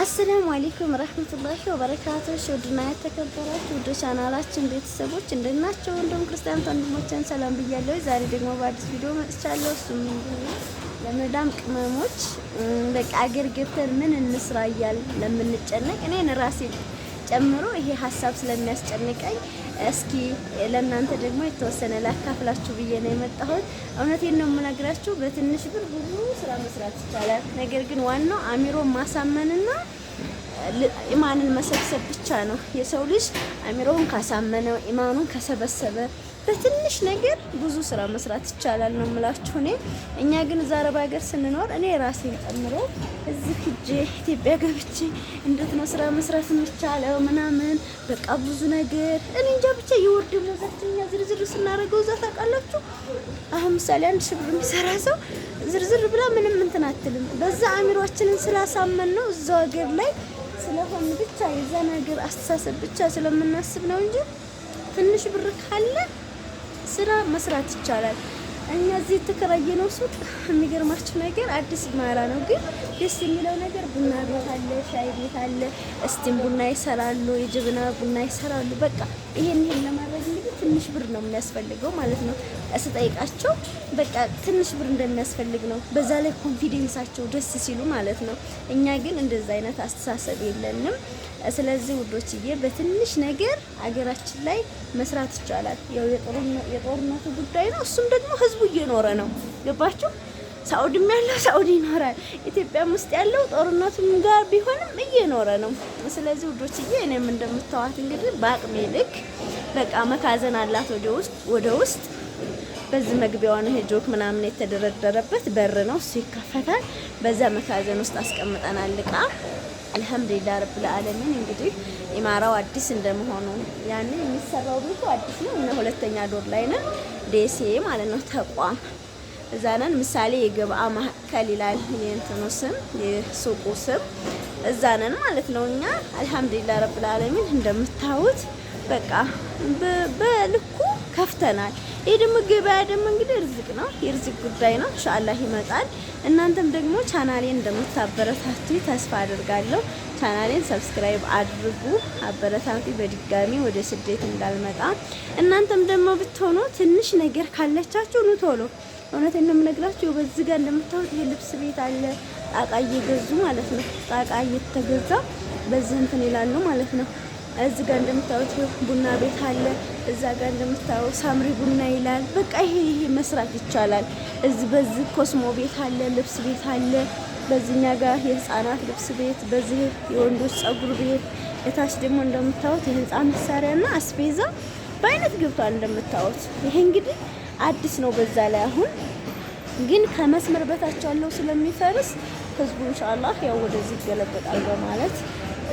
አሰላሙ አሌይኩም ረህመቱላሂ ወበረካቱ። ውድና የተከበራችሁ ውድ ቻናላችን ቤተሰቦች እንደምን ናቸው? እንደውም ክርስቲያን ወንድሞችን ሰላም ብያለሁ። ዛሬ ደግሞ በአዲስ ቪዲዮ መጥቻለሁ። እሱም ለመዳም ቅመሞች በቃ አገር ገብተን ምን እንስራ እያል ለምንጨነቅ እኔን ራሴ ጨምሮ ይሄ ሀሳብ ስለሚያስጨንቀኝ እስኪ ለእናንተ ደግሞ የተወሰነ ላካፍላችሁ ብዬ ነው የመጣሁት። እውነቴን ነው የምነግራችሁ። በትንሽ ብር ብዙ ስራ መስራት ይቻላል። ነገር ግን ዋናው አሚሮ ማሳመንና ኢማንን መሰብሰብ ብቻ ነው። የሰው ልጅ አሚሮውን ካሳመነው ኢማኑን ከሰበሰበ በትንሽ ነገር ብዙ ስራ መስራት ይቻላል ነው የምላችሁ። እኔ እኛ ግን እዛ አረብ ሀገር ስንኖር እኔ ራሴን ጨምሮ እዚህ ሂጄ ኢትዮጵያ ገብቼ እንዴት ነው ስራ መስራት የሚቻለው ምናምን በቃ ብዙ ነገር እኔ እንጃ ብቻ የወር ደመወዛችን እኛ ዝርዝር ስናደርገው እዛ ታውቃላችሁ። አሁን ምሳሌ አንድ ሺህ ብር የሚሰራ ሰው ዝርዝር ብላ ምንም እንትን አትልም። በዛ አሚሯችንን ስላሳመን ነው እዛው ሀገር ላይ ስለሆን ብቻ የዛ ነገር አስተሳሰብ ብቻ ስለምናስብ ነው እንጂ ትንሽ ብር ካለ ስራ መስራት ይቻላል። እኛ እዚህ ነው ሱቅ የሚገርማችሁ ነገር አዲስ ማራ ነው፣ ግን ደስ የሚለው ነገር ቡና ቤት አለ፣ ሻይ ቤት አለ፣ እስቲም ቡና ይሰራሉ፣ የጀበና ቡና ይሰራሉ። በቃ ይሄን ይሄን ለማድረግ እንግዲህ ትንሽ ብር ነው የሚያስፈልገው ማለት ነው። ስጠይቃቸው በቃ ትንሽ ብር እንደሚያስፈልግ ነው። በዛ ላይ ኮንፊደንሳቸው ደስ ሲሉ ማለት ነው። እኛ ግን እንደዛ አይነት አስተሳሰብ የለንም። ስለዚህ ውዶችዬ በትንሽ ነገር አገራችን ላይ መስራት ይቻላል። ያው የጦርነቱ ጉዳይ ነው። እሱም ደግሞ ህዝቡ እየኖረ ነው። ገባችሁ? ሳኡዲም ያለው ሳኡዲ ይኖራል። ኢትዮጵያም ውስጥ ያለው ጦርነቱም ጋር ቢሆንም እየኖረ ነው። ስለዚህ ውዶችዬ እኔም እንደምታዋት እንግዲህ በአቅሜ ልክ በቃ መካዘን አላት ወደ ውስጥ ወደ ውስጥ በዚህ መግቢያዋ ነው ጆክ ምናምን የተደረደረበት በር ነው። እሱ ይከፈታል። በዛ መካዘን ውስጥ አስቀምጠናል እቃ አልሐምዱሊላህ ረብል ዓለሚን እንግዲህ ኢማራው አዲስ እንደመሆኑ ያን የሚሰራው ቤቱ አዲስ ነው እና ሁለተኛ ዶር ላይ ነን፣ ደሴ ማለት ነው። ተቋም እዛ ነን። ምሳሌ የገብአ ማዕከል ይላል የእንትኑ ስም የሱቁ ስም እዛ ነን ማለት ነው። እኛ አልሐምዱሊላህ ረብል ዓለሚን እንደምታዩት በቃ በልኩ ከፍተናል። ይህ ደግሞ ገበያ ደግሞ እንግዲህ ርዝቅ ነው፣ የርዝቅ ጉዳይ ነው። ኢንሻአላህ ይመጣል። እናንተም ደግሞ ቻናሌን እንደምታበረታቱ ተስፋ አድርጋለሁ። ቻናሌን ሰብስክራይብ አድርጉ፣ አበረታቱ። በድጋሚ ወደ ስደት እንዳልመጣ እናንተም ደግሞ ብትሆኑ ትንሽ ነገር ካለቻችሁ ኑ ቶሎ። እውነት ነው የምነግራችሁ። በዚህ ጋር እንደምታዩት ይሄ ልብስ ቤት አለ፣ ጣቃ እየገዙ ማለት ነው። ጣቃ እየተገዛ በዚህ እንትን ይላሉ ማለት ነው። እዚህ ጋር እንደምታዩት ቡና ቤት አለ። እዛ ጋር እንደምታዩት ሳምሪ ቡና ይላል። በቃ ይሄ ይሄ መስራት ይቻላል። እዚህ በዚህ ኮስሞ ቤት አለ፣ ልብስ ቤት አለ። በዚህኛ ጋር የህፃናት ልብስ ቤት፣ በዚህ የወንዶች ፀጉር ቤት። እታች ደግሞ እንደምታዩት የህንፃ መሳሪያና አስቤዛ በአይነት ገብቷል። እንደምታዩት ይሄ እንግዲህ አዲስ ነው። በዛ ላይ አሁን ግን ከመስመር በታች ያለው ስለሚፈርስ ህዝቡ ኢንሻአላህ ያው ወደዚህ ይገለበጣል በማለት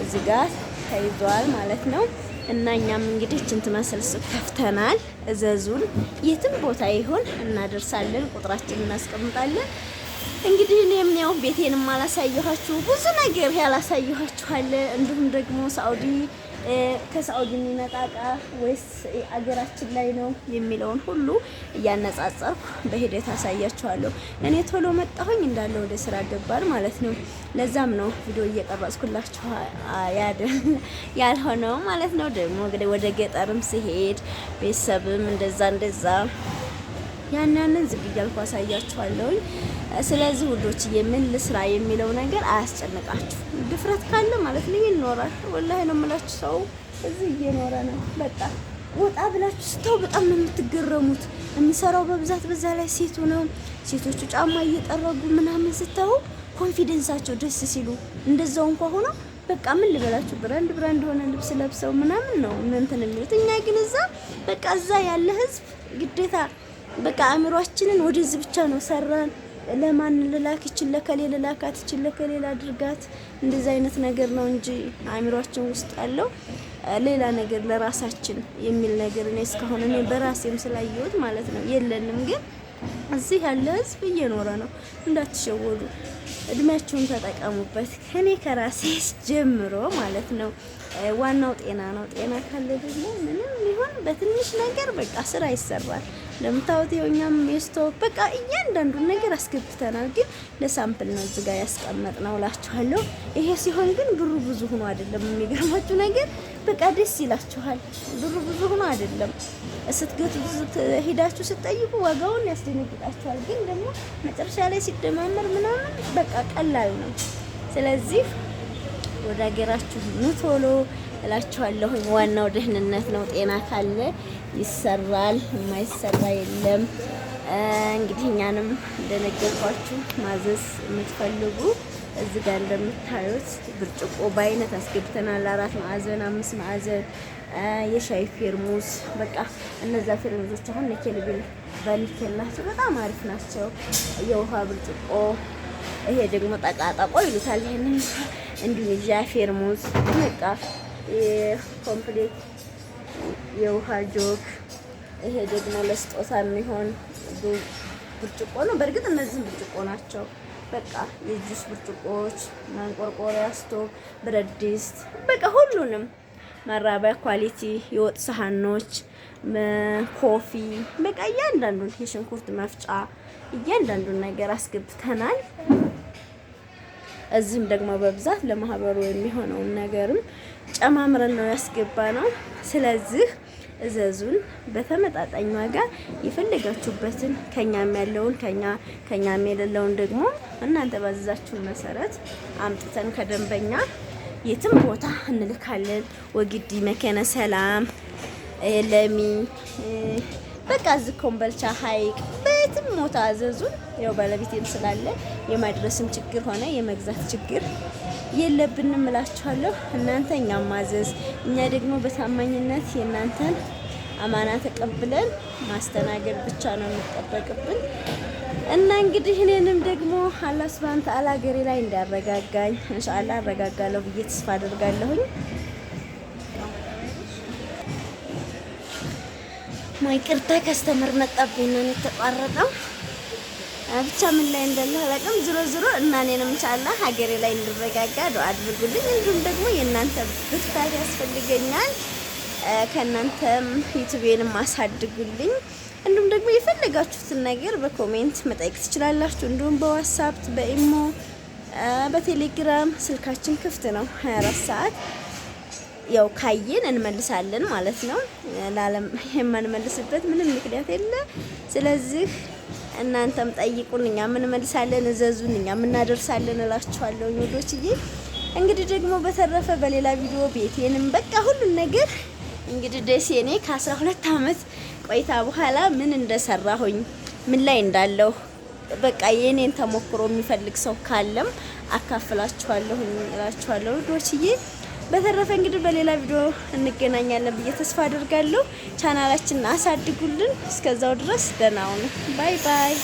እዚህ ጋር ተይዟል ማለት ነው። እና እኛም እንግዲህ ችን ትመስል ሱቅ ከፍተናል። እዘዙን፣ የትም ቦታ ይሆን እናደርሳለን፣ ቁጥራችን እናስቀምጣለን። እንግዲህ እኔም ያው ቤቴንም አላሳየኋችሁ ብዙ ነገር ያላሳየኋችኋለ እንዲሁም ደግሞ ሳውዲ ከሳዑዲ የሚመጣ እቃ ወይስ አገራችን ላይ ነው የሚለውን ሁሉ እያነጻጸርኩ በሂደት አሳያችኋለሁ። እኔ ቶሎ መጣሁኝ እንዳለ ወደ ስራ ገባል ማለት ነው። ለዛም ነው ቪዲዮ እየቀረጽኩላችሁ ያልሆነው ማለት ነው። ደግሞ ወደ ገጠርም ሲሄድ ቤተሰብም እንደዛ እንደዛ ያናንን ዝግ እያልኩ አሳያችኋለሁኝ። ስለዚህ ውዶች የምን ልስራ የሚለው ነገር አያስጨንቃችሁ። ድፍረት ካለ ማለት ነው ይኖራል። ወላሂ ነው የምላችሁ። ሰው እዚህ እየኖረ ነው። በቃ ወጣ ብላችሁ ስታው በጣም ነው የምትገረሙት። የሚሰራው በብዛት በዛ ላይ ሴቱ ነው። ሴቶቹ ጫማ እየጠረጉ ምናምን ስታው ኮንፊደንሳቸው ደስ ሲሉ እንደዛው እንኳ ሆኖ በቃ ምን ልበላችሁ ብራንድ ብራንድ የሆነ ልብስ ለብሰው ምናምን ነው እንትን የሚሉት። እኛ ግን እዛ በቃ እዛ ያለ ህዝብ ግዴታ በቃ አእምሯችንን ወደዚህ ብቻ ነው ሰራን ለማን ልላክ ይችል ለከሌ ልላካት ይችል ለከሌ ላድርጋት እንደዚህ አይነት ነገር ነው እንጂ አእምሯችን ውስጥ ያለው ሌላ ነገር ለራሳችን የሚል ነገር እኔ እስካሁን እኔ በራሴም ስላየሁት ማለት ነው የለንም ግን እዚህ ያለ ህዝብ እየኖረ ነው። እንዳትሸወዱ፣ እድሜያቸውን ተጠቀሙበት። ከኔ ከራሴ ጀምሮ ማለት ነው። ዋናው ጤና ነው። ጤና ካለ ደግሞ ምንም ሊሆን በትንሽ ነገር በቃ ስራ ይሰራል። እንደምታወት የኛም የስቶ በቃ እያንዳንዱን ነገር አስገብተናል፣ ግን ለሳምፕል ነው እዚጋ ያስቀመጥ ነው እላችኋለሁ። ይሄ ሲሆን ግን ብሩ ብዙ ሆኖ አይደለም የሚገርማችሁ ነገር በቃ ደስ ይላችኋል። ብሩ ብዙ ሆኖ አይደለም ስትገቱ ሄዳችሁ ስትጠይቁ ዋጋውን ያስደነግጣችኋል። ግን ደግሞ መጨረሻ ላይ ሲደማመር ምናምን በቃ ቀላል ነው። ስለዚህ ወደ ሀገራችሁ ኑ ቶሎ እላችኋለሁ። ዋናው ደህንነት ነው። ጤና ካለ ይሰራል፣ የማይሰራ የለም። እንግዲህ እኛንም እንደነገርኳችሁ ማዘዝ የምትፈልጉ እዚህ ጋር እንደምታዩት ብርጭቆ በአይነት አስገብተናል። አራት ማዕዘን፣ አምስት ማዕዘን፣ የሻይ ፌርሙስ በቃ እነዛ ፌርሙሶች አሁን ኒኬል በኒኬል ናቸው፣ በጣም አሪፍ ናቸው። የውሃ ብርጭቆ ይሄ ደግሞ ጠቃጠቆ ይሉታል። ይህን እንዲሁ ፌርሙስ በቃ የኮምፕሌት የውሃ ጆክ ይሄ ደግሞ ለስጦታ የሚሆን ብርጭቆ ነው። በእርግጥ እነዚህም ብርጭቆ ናቸው። በቃ የጁስ ብርጭቆዎች ማንቆርቆሪያ፣ ስቶቭ፣ ብረት ድስት በቃ ሁሉንም መራቢያ፣ ኳሊቲ፣ የወጥ ሳህኖች፣ ኮፊ በቃ እያንዳንዱን የሽንኩርት መፍጫ እያንዳንዱን ነገር አስገብተናል። እዚህም ደግሞ በብዛት ለማህበሩ የሚሆነውን ነገርም ጨማምረን ነው ያስገባ ነው። ስለዚህ እዘዙን በተመጣጣኝ ዋጋ የፈለጋችሁበትን ከኛም ያለውን ከኛ ከኛም የሌለውን ደግሞ እናንተ ባዘዛችሁን መሰረት አምጥተን ከደንበኛ የትም ቦታ እንልካለን። ወግዲ፣ መከነ ሰላም፣ ለሚ በቃ እዚህ ኮምበልቻ ሀይቅ በየትም ቦታ አዘዙን። ያው ባለቤቴም ስላለ የማድረስም ችግር ሆነ የመግዛት ችግር የለብንም እላችኋለሁ። እናንተ እኛ ማዘዝ እኛ ደግሞ በታማኝነት የእናንተን አማና ተቀብለን ማስተናገድ ብቻ ነው የሚጠበቅብን እና እንግዲህ እኔንም ደግሞ አላህ ሱብሃነ ተዓላ ሀገሬ ላይ እንዳረጋጋኝ ኢንሻአላህ አረጋጋለሁ ብዬ ተስፋ አደርጋለሁኝ። ማይቅርታ ከስተመር መጣብኝ ነው የተቋረጠው። ብቻ ምን ላይ እንዳለ ዝሮ ዝሮ እና ቻላ ሀገሬ ላይ እንድረጋጋ ዱአ አድርጉልኝ። እንዲሁም ደግሞ የእናንተ ብርታት ያስፈልገኛል። ከእናንተም ዩቲዩቤንም አሳድጉልኝ። እንዲሁም ደግሞ የፈለጋችሁትን ነገር በኮሜንት መጠየቅ ትችላላችሁ። እንዲሁም በዋትስአፕ፣ በኢሞ፣ በቴሌግራም ስልካችን ክፍት ነው 24 ሰዓት። ያው ካየን እንመልሳለን ማለት ነው። ለዓለም የማንመልስበት ምንም ምክንያት የለ። ስለዚህ እናንተም ጠይቁን፣ እኛም እንመልሳለን። እዘዙን፣ እኛም እናደርሳለን እላችኋለሁ ውዶችዬ። እንግዲህ ደግሞ በተረፈ በሌላ ቪዲዮ ቤቴንም በቃ ሁሉን ነገር እንግዲህ ደሴ እኔ ከአስራ ሁለት አመት ቆይታ በኋላ ምን እንደሰራሁኝ ምን ላይ እንዳለሁ በቃ የኔን ተሞክሮ የሚፈልግ ሰው ካለም አካፍላችኋለሁ እላችኋለሁ ውዶችዬ። በተረፈ እንግዲህ በሌላ ቪዲዮ እንገናኛለን ብዬ ተስፋ አድርጋለሁ። ቻናላችንን አሳድጉልን። እስከዛው ድረስ ደህና ሁኑ። ባይ ባይ።